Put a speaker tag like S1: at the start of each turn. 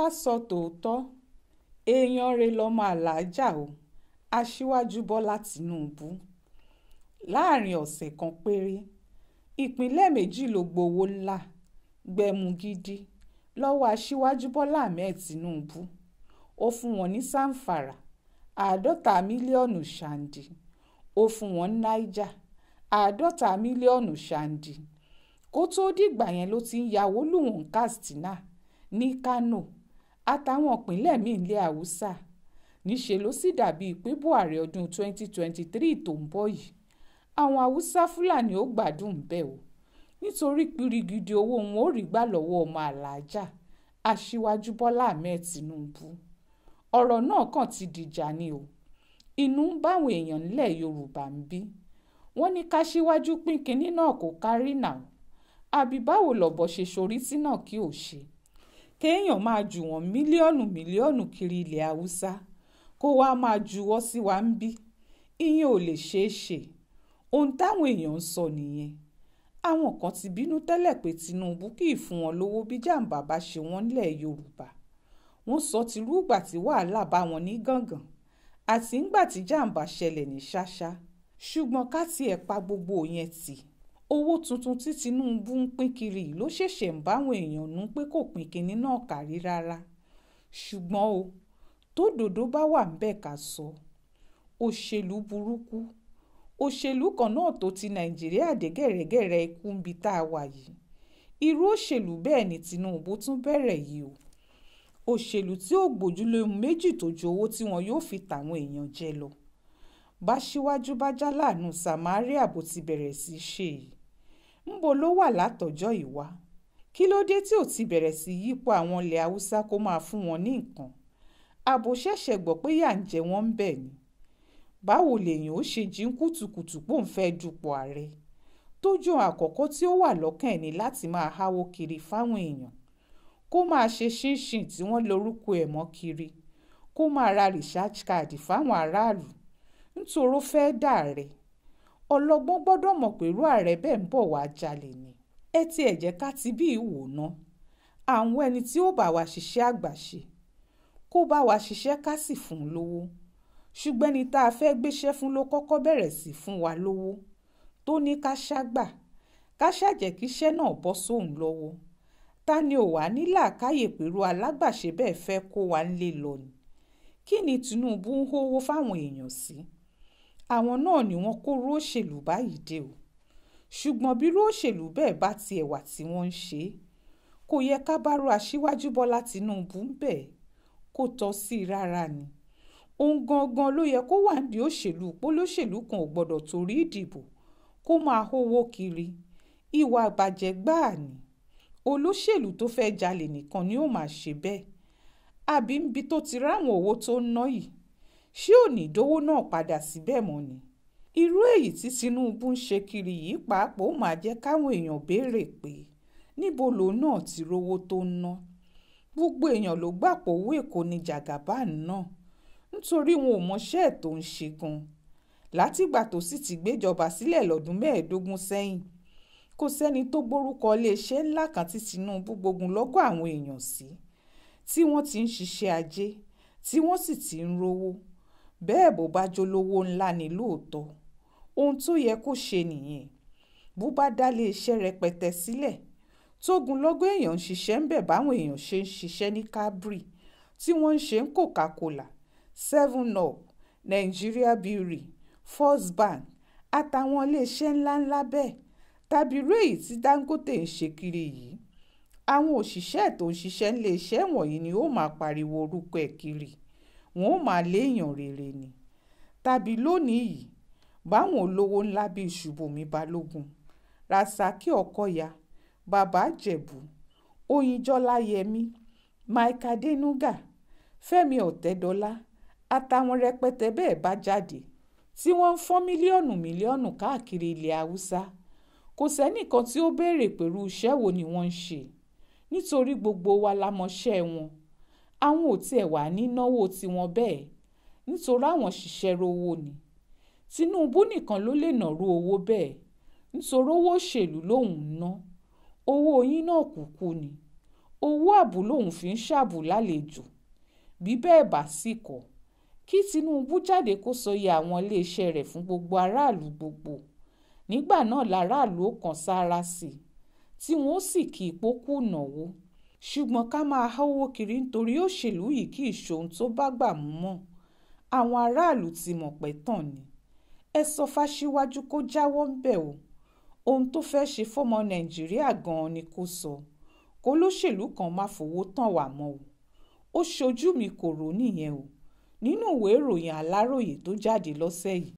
S1: ká sọ tòótọ́ èèyàn rẹ̀ lọmọ aláàjà o aṣíwájú bọ́lá tínúbù láàrin ọ̀sẹ̀ kan péré ìpínlẹ̀ méjì ló gbowó ńlá gbẹ̀mú gidi lọ́wọ́ aṣíwájú bọ́lá ahmed tínúbù ó fún wọn ní sanfara àádọ́ta mílíọ̀nù ṣáǹdì ó fún wọn ní náíjà àádọ́ta mílíọ̀nù ṣáǹdì kó tóó dìgbà yẹn ló ti ń yàwó lùwọ̀n katsina ní kánò àtàwọn ìpínlẹ̀ míì ilẹ̀ haúsá níṣẹ́ ló sì dàbí pé buhari ọdún 2023 tó ń bọ̀ yìí àwọn haúsá fúlàní ò gbádùn bẹ́ẹ̀ o nítorí pírígidi owó wọn ò rí gbà lọ́wọ́ ọmọ aláàjà aṣíwájú bọ́lá ahmed tinubu ọ̀rọ̀ náà kàn ti dìjà ni o inú ń báwọn èèyàn nílẹ̀ yorùbá ń bí wọ́n ní ká síwájú pín kinní náà kó kárí náà àbí báwo lọ̀bọ̀ ṣe sorí tí náà kí ò ṣe kéèyàn máa jù wọ́n mílíọ̀nù mílíọ̀nù kiri ilẹ̀ haúsá kó wáá máa juwọ́ sí wa ń bí ìyẹn ò lè ṣeé ṣe ohun táwọn èèyàn ń sọ nìyẹn àwọn kan ti bínú tẹ́lẹ̀ pé Tinubu kì í fún wọn lówó bí jàǹbá bá ṣe wọ́n nílẹ̀ Yorùbá wọ́n sọ tìrú ìgbà tí wàhálà bá wọn ní gàngàn àti ńgbà tí jàǹbá ṣẹlẹ̀ ní ṣáṣá ṣùgbọ́n ká tiẹ̀ pa gbogbo yẹn tì owó tuntun tí tinubu ń pín kiri ló ṣẹ̀ṣẹ̀ ń báwọn èèyàn nú pé kò pín kinní náà kárí rárá ṣùgbọ́n o tódòdó bá wà ń bẹ̀ ká sọ òṣèlú burúkú òṣèlú kan náà tó ti nàìjíríà dé gẹ̀rẹ́gẹ̀rẹ́ ikú ń bi tá a wà yìí irú òṣèlú bẹ́ẹ̀ ni tinubu tún bẹ̀rẹ̀ yìí o òṣèlú tí ó gbójúlé méjì tó ju owó tí wọn yóò fi tàwọn èèyàn jẹ lọ bá bá jálàánú samaria bó ti bẹ̀rẹ̀ sí í ṣe yìí ńbo ló wà látọjọ́ yìí wá kí ló dé tí ò ti bẹ̀rẹ̀ sí yípo àwọn ilẹ̀ haúsá kó máa fún wọn ní nǹkan ààbò ṣẹ̀ṣẹ̀ gbọ́ pé yà ń jẹ wọ́n ń bẹ̀ ni báwo lèèyàn ó ṣe jí ń kùtùkùtù pò ń fẹ́ dupò ààrẹ tójú àkọ́kọ́ tí ó wà lọ́kàn ẹ̀ láti máa háwó kiri fáwọn èèyàn kó máa ṣe ṣínṣìn tí wọ́n lorúkọ ẹ̀ mọ́ kiri kó máa ra research card fáwọn aráàlú nítorí ó fẹ́ dà rẹ̀ ọlọ́gbọ́n gbọ́dọ̀ mọ̀ pé irú ààrẹ bẹ́ẹ̀ ń bọ̀ wá jalè ni ẹ ti ẹ̀ jẹ́ ká ti bí ìwò ná àwọn ẹni tí ó bá wa ṣiṣẹ́ àgbàṣe kó bá wa ṣiṣẹ́ ká sì fún un lówó ṣùgbọ́n ẹni tá a fẹ́ gbéṣẹ́ fún ló kọ́kọ́ bẹ̀rẹ̀ sí fún wa lówó tó ní ká ṣàgbà ká ṣàjẹ́ kí iṣẹ́ náà bọ́ sóun lọ́wọ́ ta ni ò wá ní làákàyè pẹ̀lú alágbàṣe bẹ́ẹ̀ fẹ́ kó wa ń lé lọ ni kí ni Tinubu ń hówó fáwọn èèyàn sí si àwọn náà ni wọ́n kóró òṣèlú báyìí dé o ṣùgbọ́n bírú òṣèlú bẹ́ẹ̀ bá ti ẹ̀wà tí wọ́n ń ṣe kò yẹ ká bárò aṣíwájú bọ́lá tìǹbù bẹ́ẹ̀ kó tọ́ sí i rárá ni òun gangan ló yẹ kó wà ní òṣèlú pólóṣèlú kan ò gbọ́dọ̀ torí ìdìbò kó máa hówó kiri ìwà àbàjẹ́ gbáà ni olóṣèlú tó fẹ́ jalè nìkan ni ó máa ṣe bẹ́ẹ̀ àbí níbi tó ti ráwọn owó tó ń ná yìí ṣé ò ní dówó náà padà síbẹ̀ mọ́ ni irú èyí tí Tinubu ń ṣe kiri yìí pàápàá ó máa jẹ́ káwọn èèyàn béèrè pé níbo lòun náà ti rówó tó ń ná gbogbo èèyàn ló gbà pé owó èkó ni jàgàbá náà nítorí wọn ò mọṣẹ́ ẹ̀ tó ń ṣe gan látìgbà tó sì ti gbéjọba sílẹ̀ lọ́dún mẹ́ẹ̀ẹ́dógún sẹ́yìn kò sẹ́ni tó gbórúkọ iléeṣẹ́ ńlá kan tí Tinubu gbógun lọ́gọ́ àwọn èèyàn sí tí wọ́n ti ń ṣiṣẹ́ ajé tí wọ́n sì ti ń rówó bẹ́ẹ̀ bó bá jólówó ńlá ni lóòótọ́ ohun tó yẹ kó ṣe nìyẹn bó bá dálé iṣẹ́ rẹpẹtẹ sílẹ̀ tógun lọ́gọ́ èèyàn ń ṣiṣẹ́ ń bẹ̀ báwọn èèyàn ṣe ń ṣiṣẹ́ ní Cadbury tí wọ́n ń ṣe ń Coca-Cola seven up Nigeria Brewery First Bank àtàwọn iléeṣẹ́ ńláńlá bẹ́ẹ̀ tàbírú èyí tí Dangote ń ṣe kiri yìí àwọn òṣìṣẹ́ tó ń ṣiṣẹ́ níléeṣẹ́ wọ̀nyí ni ó máa pariwo orúkọ ẹ̀ kiri wọn ò máa léèyàn rere ni tàbí lónìí yìí báwọn olówó ńlá bíi ṣùbọ́mi balógun rasaki ọkọ̀yà bàbá jẹ̀bù oyinjọ́lá yẹmi michael denuga fẹ́mi ọ̀tẹ́dọ́lá àtàwọn rẹpẹtẹ bẹ́ẹ̀ bá jáde tí wọ́n ń fọ́n mílíọ̀nù mílíọ̀nù káàkiri ilẹ̀ haúsá kò sẹ́nìkan tí ó béèrè pẹ̀lú iṣẹ́ wo ni wọ́n ń ṣe nítorí gbogbo wa la mọṣẹ́ wọn àwọn ò tiẹ̀ wà ní náwó tiwọn bẹ́ẹ̀ nítorí àwọn ṣiṣẹ́ rówó ni Tinubu nìkan ló lè nàró owó bẹ́ẹ̀ nítorí owó òṣèlú lòun ń ná owó yín náà kúkú ni owó ààbò lòun fi ń ṣàbò lálejò bí bẹ́ẹ̀ bá sì kọ̀ kí Tinubu jáde kó sọ iye àwọn iléeṣẹ́ rẹ̀ fún gbogbo aráàlú gbogbo nígbà náà làráàlú ó kan sáárá sí i tí wọ́n sì kí ipò kùnàwó ṣùgbọ́n ká máa háwó kiri nítorí òṣèlú yìí kì í ṣohun tó bá gbà mú mọ́ àwọn aráàlú ti mọ̀ pẹ́ tàn ni ẹ sọ fáṣíwájú kó jáwọ́ ń bẹ̀ o ohun tó fẹ́ ṣe fọ́mọ nàìjíríà gan-an ni kó sọ kó lóṣèlú kan má fowó tàn wá mọ́ o ó ṣojú mi kò rò nìyẹn o nínú ìwé ìròyìn aláròye tó jáde lọ́sẹ̀ yìí